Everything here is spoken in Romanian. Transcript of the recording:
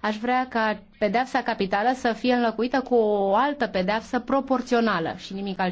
Aș vrea ca pedeapsa capitală să fie înlocuită cu o altă pedeapsă proporțională și nimic altceva.